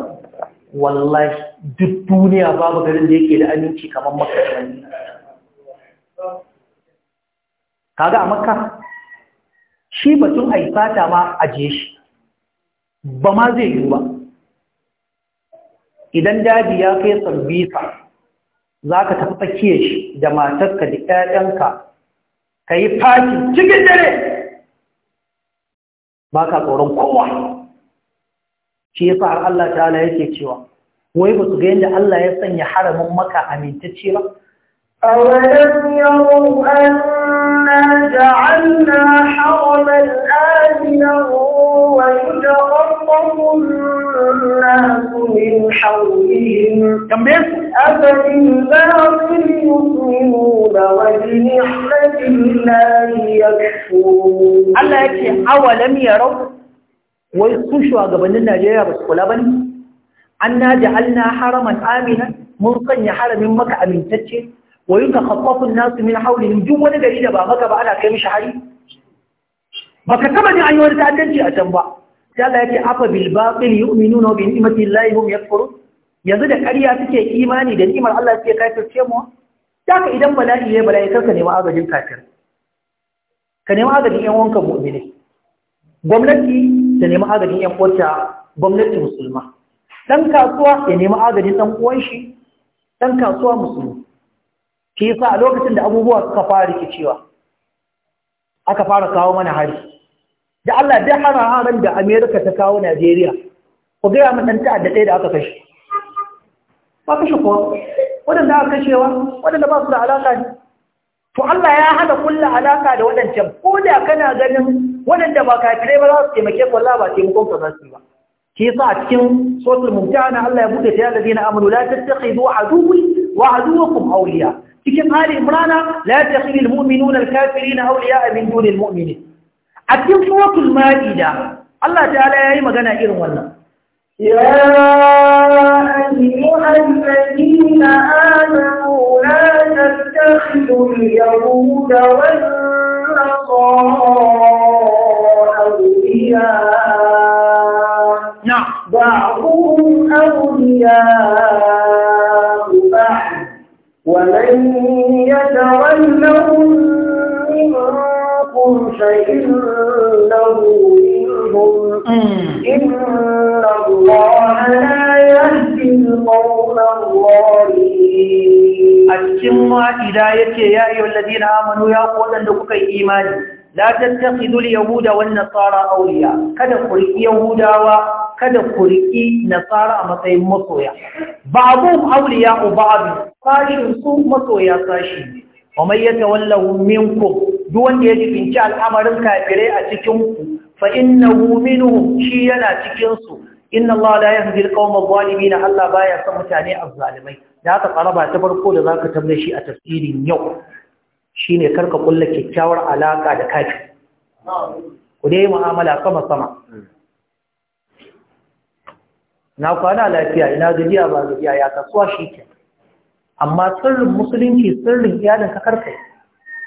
Wallahi duk duniya babu garin da yake da aminci kamar maka da madina kaga a maka? shi batun aifata ma ajiye shi ba ma zai yi ba idan daji ya kai ka, za ka tafi tsakiyar shi da matarka da ƴaƴanka ka yi fashi cikin dare ba ka tsoron kowa shi yasa har Allah ta'ala yake cewa wai ba su ga yadda Allah ya sanya haramin maka amintacce ba أولم يروا أنا جعلنا حرما آمنا ويتخطف الناس من حولهم أفبالباطل يؤمنون وبنعمة الله يكفرون الله يكفي أولم يروا ويصوشوا قبل النجاة بس ولا بني anna ja'alna haraman amina mun sanya haramin maka amintacce wa yutakhaffafu an-nasu min hawlihim duk wani gari da ba maka ba ana kai mishi hari baka taba jin an yi wani ta'addanci a can ba sai Allah ya ce afa bil batil yu'minuna bi ni'mati llahi hum yakfurun yanzu da ƙarya suke imani da nimar Allah suke kafirce mu daga idan bala'i ya bala'i kar ka nemi agajin kafir ka nemi agajin yan wanka mu'mini gwamnati da nemi agajin yan kwata gwamnati musulma dan kasuwa ya nemi agaji dan uwan shi dan kasuwa musulmi shi yasa a lokacin da abubuwa suka fara rikicewa aka fara kawo mana hari da Allah da hana haran da America ta kawo Najeriya ku ga min dan ta'adda ɗaya da aka kashe ba kashe ko wadanda aka kashewa wadanda ba su da alaka ne to Allah ya hana kullu alaka da wadancan ko da kana ganin wadanda ba kafirai ba za su taimake ku Allah ba taimakon ka za su ba كي طاعتكم صوت الممتعنا على يبودة يا الذين أمنوا لا تتخذوا عدوي وعدوكم أولياء في كم هالي إمرانا لا تخذ المؤمنون الكافرين أولياء من دون المؤمنين أتكم صوت المائدة الله تعالى يا إيما قنا إيرو والله يا أيها الذين آمنوا لا تتخذوا اليهود والنصار أولياء أولياء بعد ومن يتولهم منكم فإنه منهم إن الله لا يهدي القوم الظالمين أتم إلهك يا أيها الذين آمنوا يا قولا لكم إيمان لا تتخذوا اليهود والنصارى أولياء كذا قل يهودا kada ku riƙi nasara a matsayin masoya babu auliya ubabi sashin su masoya sashi ne wa mai yata wallahu minkum duk wanda ya jibinci al'amarin kafirai a cikin ku fa inna minhum shi yana cikin su inna Allah la yahdi qawma adh Allah baya san mutane azzalimai da haka karaba ta farko da zaka tambaye shi a tafsirin yau shine karka ƙulla kyakkyawar alaka da kafi ku dai mu'amala sama sama na kwana lafiya ina gajiya ba gajiya ya kasuwa shi ke amma sirrin musulunci sirrin iyalin ka karkai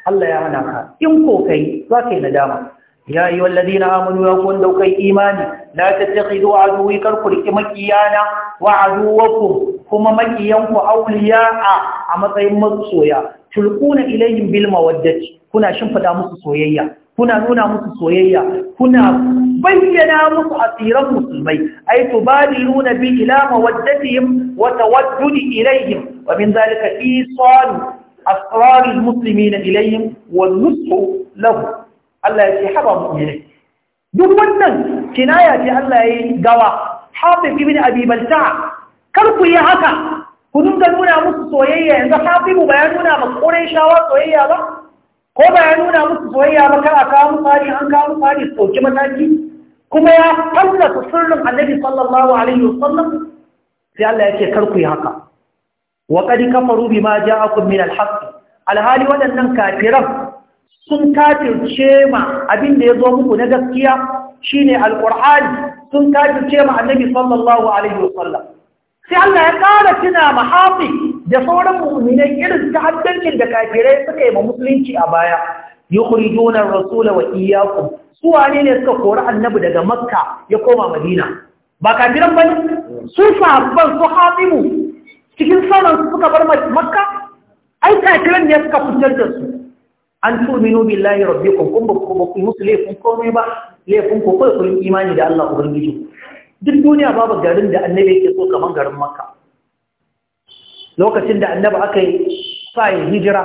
Allah ya hana ka in ko kai za ka yi nadama ya yi wallazi na amonu ya kuwan daukai imani na ta yi zuwa zuwi karku riƙe makiyana wa aduwakum kuma makiyanku auliya a matsayin soya tulkuna ilayhim bilma wadda kuna shimfida musu soyayya kuna nuna musu soyayya kuna bayyana musu asiran musulmai ay nuna bi ila mawaddatihim wa tawaddudi ilayhim wa min dhalika isal asrar almuslimina ilayhim wa nushu lahu Allah ya ce haba mu'mini duk wannan kinaya ce Allah ya yi gawa hafiz ibn abi balta kar ku yi haka ku dinga nuna musu soyayya yanzu hafiz ba ya nuna ma qurayshawa soyayya ba ko ba ya nuna musu soyayya ba kar a kawo musu hari an kawo musu hari su ɗauki mataki kuma ya fallasa sirrin annabi sallallahu alaihi wasallam sai Allah ya ce kar ku yi haka wa qad kafaru bima ja'akum min al-haqq alhali waɗannan kafiran sun kafirce ma abin da ya zo muku na gaskiya shine alqur'ani sun kafirce ma annabi sallallahu alaihi sallam. sai Allah ya ƙara tuna mahafi da sauran mu'minai irin ta haddancin da kafirai suka yi ma musulunci a baya yukhrijuna ar-rasula wa iyyakum su wane ne suka kori annabi daga makka ya koma madina ba kafiran bane su sahabban su hatimu cikin sauran suka bar makka ai kafiran ne suka fitar da su an tuminu billahi rabbikum kun ba ku musu laifin komai ba laifin ku kai kun imani da Allah ubangiji duk duniya babu garin da annabi yake so kamar garin makka lokacin da annabi aka yi sa'in hijira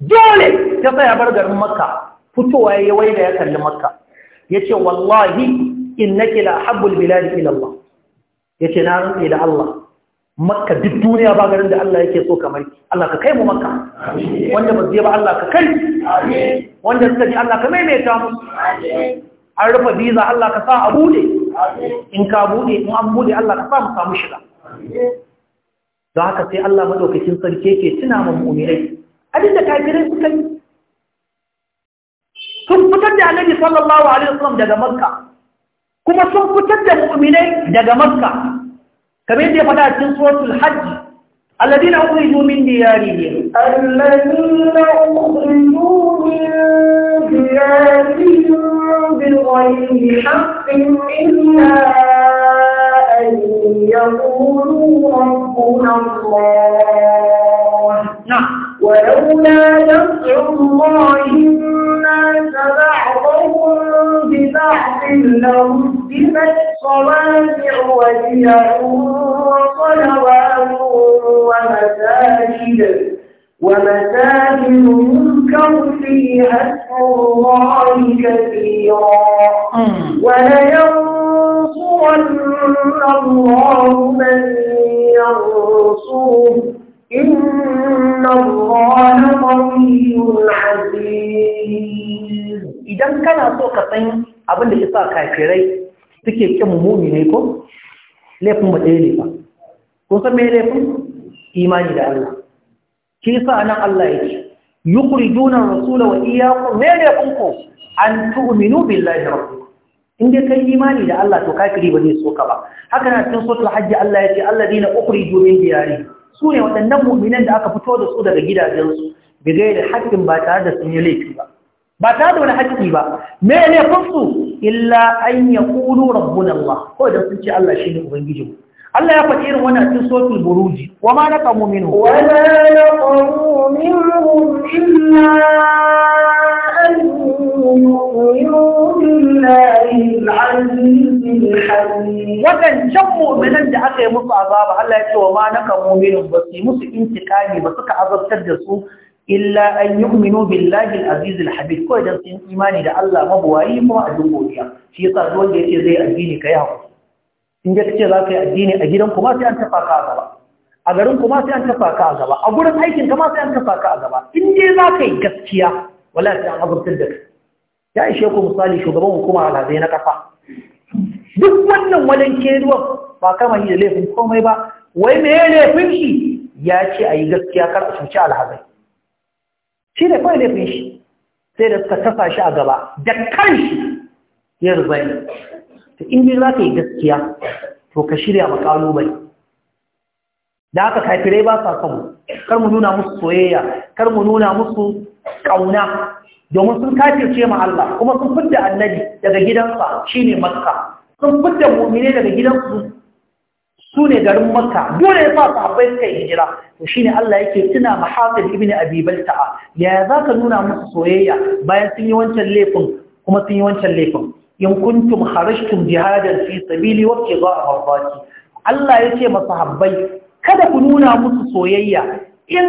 dole ta tsaya bar garin makka fitowa ya wai da ya kalli makka ya ce wallahi innaki la habbul biladi ila Allah ya ce na rantsi da Allah makka duk duniya ba garin da Allah yake so kamar Allah ka kai mu makka wanda ba ba Allah ka kai wanda suka ji Allah ka maimaita mu an rufe biza Allah ka sa a bude in ka buɗe, in an buɗe Allah ka samu samu shiga don haka sai Allah madaukakin sarki yake tuna ma mu'minai abin da kafirai suka yi sun fitar da annabi sallallahu alaihi wasallam daga makka kuma sun fitar da mu'minai daga makka kamar yadda ya faɗa cikin suratul hajj الذين أخرجوا من ديارهم الذين أخرجوا من ديارهم بغير حق إلا أن يقولوا ربنا الله نعم. ولولا دفع الله الناس بعضهم ببعض لهدمت صوامع وبيع وصلوات ومساجد wane يذكر فيها اسم الله كثيرا ولينصرن الله من ينصره إن الله قوي عزيز idan kana so ka san abin da yasa kafirai suke kin ne ko laifin mu ɗaya ne ba ko san me laifin imani da Allah shi yasa nan Allah ya ce yukhrijuna ar-rasula wa iyyakum Mene kunku an tu'minu billahi rabbikum in dai kai imani da Allah to kafiri ba zai soka ba haka na cikin suratul hajj Allah ya ce alladina ukhriju min diyari su ne waɗannan mu'minan da aka fito da su daga gidajensu bigai da haƙƙin ba tare da sun yi laifi ba ba tare da wani haƙƙi ba me ne kunsu illa an yaqulu rabbuna Allah ko da sun ce Allah shine ubangijinmu Allah ya faɗi irin wannan cikin sotul buruji wa ma naqamu minhum wa na naqamu minhum illa an yu'minu billahi al-'azizil halim wadancan mu'minan da aka yi musu azaba Allah ya ce wa ma naqamu minhum ba su yi musu intikami ba suka azabtar da su illa an yu'minu billahi al-'azizil halim ko da sun imani da Allah mabuwayi kuma a dungoriya shi yasa duk wanda yake zai addini kai hakuri in ya ce za ka yi addini a gidan kuma sai an tafa ka a gaba a garin kuma sai an tafa ka a gaba a gurin aikin kuma sai an tafa ka a gaba in dai za ka yi gaskiya wala sai an azurtar da ya ishe ku misali shugaban hukuma alhazai na kafa duk wannan walanke ruwan ba kama yi da laifin komai ba wai me ya laifin shi ya ce a yi gaskiya kar a cuci alhazai shi da kawai laifin shi sai da suka tafa shi a gaba da kan shi ya rubai. in za ka yi gaskiya to ka shirya ma bai da aka kafirai ba sa samu kar mu nuna musu soyayya kar mu nuna musu kauna domin sun kafirce ma Allah kuma sun fitta annabi daga gidansa shine makka sun fitta mu'mine daga gidansu su ne garin makka dole ya su abai suka yi hijira to shine Allah yake tuna mahafil ibn abi balta'a ya zaka nuna musu soyayya bayan sun yi wancan laifin kuma sun yi wancan laifin in kuntum kharajtum jihadan fi sabili wa ibtigha'a mardati Allah yace masahabbai kada ku nuna musu soyayya in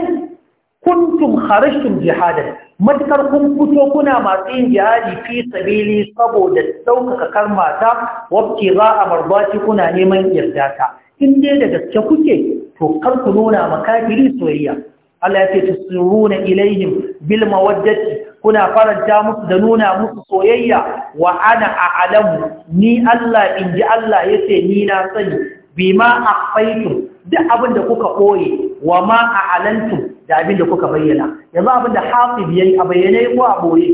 kuntum kharajtum jihadan matakar kun fito kuna masu yin jihadi fi sabili saboda ɗaukaka karmata wabce za a marbaci kuna neman yarda ta in dai da gaske kuke to kar ku nuna makafiri soyayya Allah ya ce tusiruna ilaihim bil mawaddati kuna faranta musu da nuna musu soyayya wa ana a'lamu ni Allah in ji Allah ce ni na sani bima faitu duk abin da kuka koye wa ma alantu da abin da kuka bayyana yanzu abin da hafi yayi a bayyane ko a boye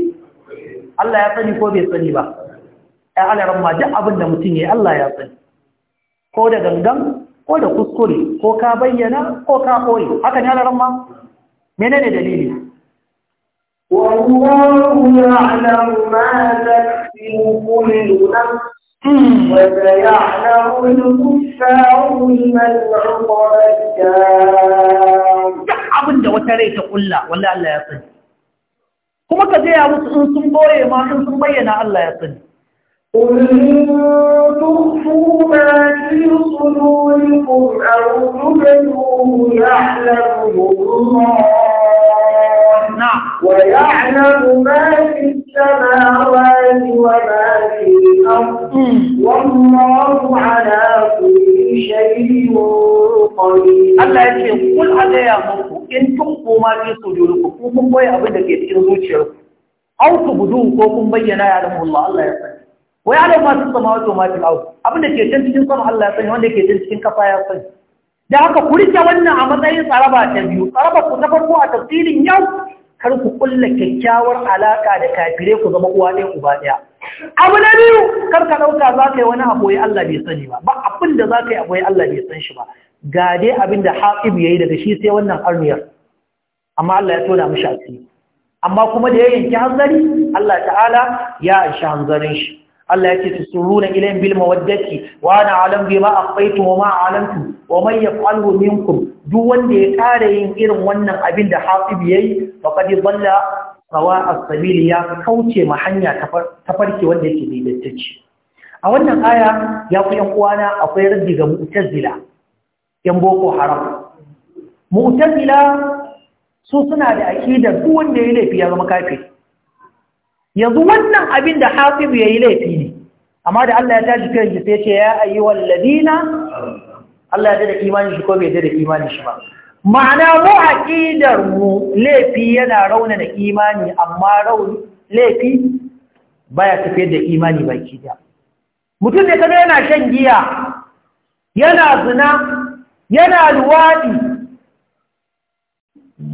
Allah ya sani ko bai sani ba ya ala ramma duk abin da mutum yi, Allah ya sani ko da gangan ko da kuskure ko ka bayyana ko ka koye haka ne ala ramma menene dalili والله يعلم ما تكسب كل نفس وسيعلم الكفار لمن عقب الدار abin da wata rai ta kulla walla Allah ya sani kuma ka gaya musu in sun boye ma in sun bayyana Allah ya sani قل إن تخفوا ما في صدوركم أو تبدوه يعلمه الله نعم ويعلم ما في السماوات وما في الأرض والله على كل شيء قدير الله يقول قل هذا يا مرحو إن تخفوا ما في صدوركم وكم بوي أبدا كيف يرزوك أو تبدوه وكم بينا يعلمه الله الله يقول ويعلم ما في السماوات وما في الأرض أبدا كيف تنسكن صنع الله يقول وأن كيف تنسكن كفاية يقول da haka ku rike wannan a matsayin tsaraba ta biyu tsaraba ku ta farko a tafsirin yau kar ku kulla kyakkyawar alaka da kafire ku zama uwa ɗaya uba ɗaya abu na biyu kar ka ɗauka za ka yi wani aboye Allah bai sani ba ba abin da za ka yi aboye Allah bai san shi ba ga dai abin da haƙib ya yi daga shi sai wannan arniyar amma Allah ya tona mishi asiri amma kuma da ya yanki hanzari Allah ta'ala ya aishi hanzarin shi Allah yake suruna ilayhim bil mawaddati wa ana alam bima akhfaytum wa ma alantum wa man yaf'alhu minkum duk wanda ya kare yin irin wannan abin da Hatib yayi faqad dalla sawa as-sabil ya kauce ma hanya ta farke wanda yake daidaitacce a wannan aya ya ku yan uwana akwai raddi ga mu'tazila yan boko haram mu'tazila su suna da akidar duk wanda ya laifi ya zama kafiri yanzu wannan abin da ya yi laifi ne amma da Allah ya tashi kai shi sai ce ya ayi ladina Allah ya da imanin shi ko bai da imanin shi ba ma'ana mu aqidar mu laifi yana rauna da imani amma rauni laifi baya tafiyar da imani baki da mutum da kada yana shan giya yana zina yana luwadi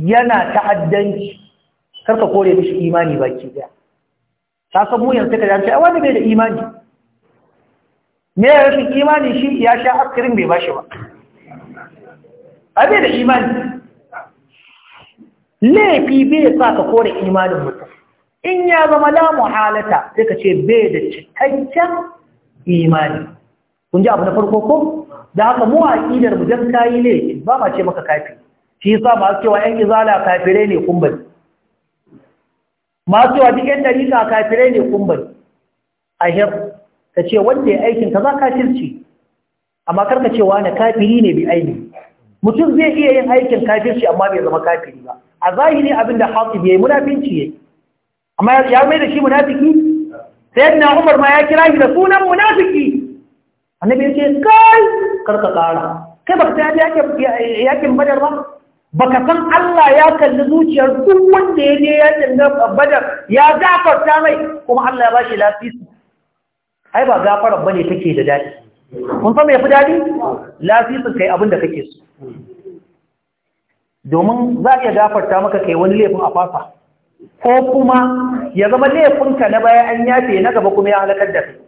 yana ta'addanci karka kore mishi imani baki da ta san mu yanzu ka dace wani bai da imani me ya rashin imani shi ya sha askirin bai bashi ba a bai da imani laifi bai sa ka kore imanin mutum in ya zama la halata, sai ka ce bai da cikakken imani kun ji abu na farko ko da haka mu a idar mu dan kayi laifi ba ma ce maka kafi shi yasa ba cewa 'yan izala kafirai ne kun masu wa cikin yan dariƙa kafire ne kumbari a hir ka ce wanda ya aikin ka za kafirci amma karka ce wani kafiri ne bi aini mutum zai iya yin aikin kafirci amma bai zama kafiri ba a zahiri abin da hatsi bai munafinci ya amma ya mai da shi munafiki sai na umar ma ya kira shi da sunan munafiki annabi ya ce kai karka kara kai ba ta yi yakin badar ba baka san Allah ya kalli zuciyar duk wanda ya je ya dinga badar ya gafarta mai kuma Allah ya bashi lafisi ai ba gafarar bane take da dadi kun fa mai fi dadi lafisin kai abin da kake so domin za ka gafarta maka kai wani laifin a fasa ko kuma ya zama laifinka na baya an yafe na gaba kuma ya halakar da kai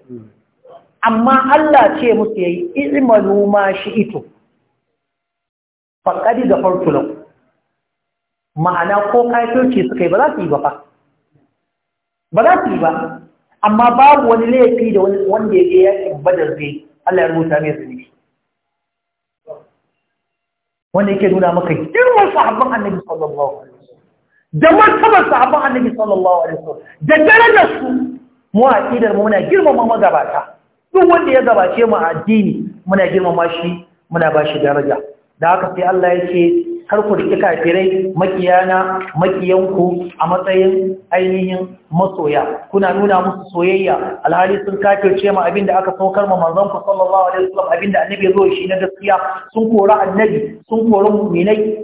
amma Allah ce musu yayi izmalu ma ito. faƙaɗi da farko ma'ana ko kafirci suka yi ba za su yi ba ba, ba za su yi ba amma babu wani laifi da wanda ya ke yakin badar zai Allah ya rubuta mai zunubi wanda yake nuna maka girman sahabban annabi sallallahu alaihi wasallam da martaba sahabban annabi sallallahu alaihi wasallam da darajar su mu a kidar mu muna girmama magabata duk wanda ya gabace mu a addini muna girmama shi muna ba shi daraja da haka sai Allah ya ce kar ku riƙi kafirai makiyana makiyanku a matsayin ainihin masoya kuna nuna musu soyayya alhali sun kafirce ma abinda aka saukar mu. manzon ku sallallahu alaihi wasallam abinda annabi ya zo shi na gaskiya sun kora annabi sun kori mu'minai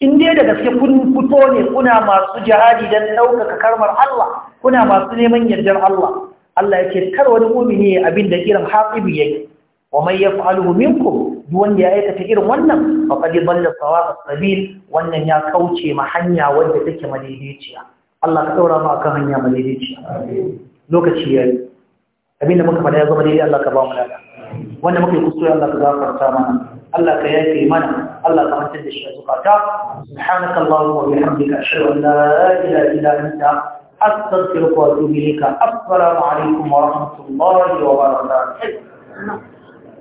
in dai da gaske kun fito ne kuna masu jihadi don ɗaukaka karmar Allah kuna masu neman yardar Allah Allah ya ce kar wani mumini abinda da irin haƙibi yake wa man yaf'aluhu minkum duk wanda ya aikata irin wannan fa qad dalla sawa'a sabil wannan ya kauce ma hanya wadda take madaidaiciya Allah ka daura mu akan hanya madaidaiciya lokaci yayi abinda muka faɗa ya zama daidai Allah ka ba mu lada wanda muka yi kuskure Allah ka gafarta mana Allah ka yafe mana Allah ka mantar da shi a zukata subhanaka allahumma wa bihamdika ashhadu an la wa wa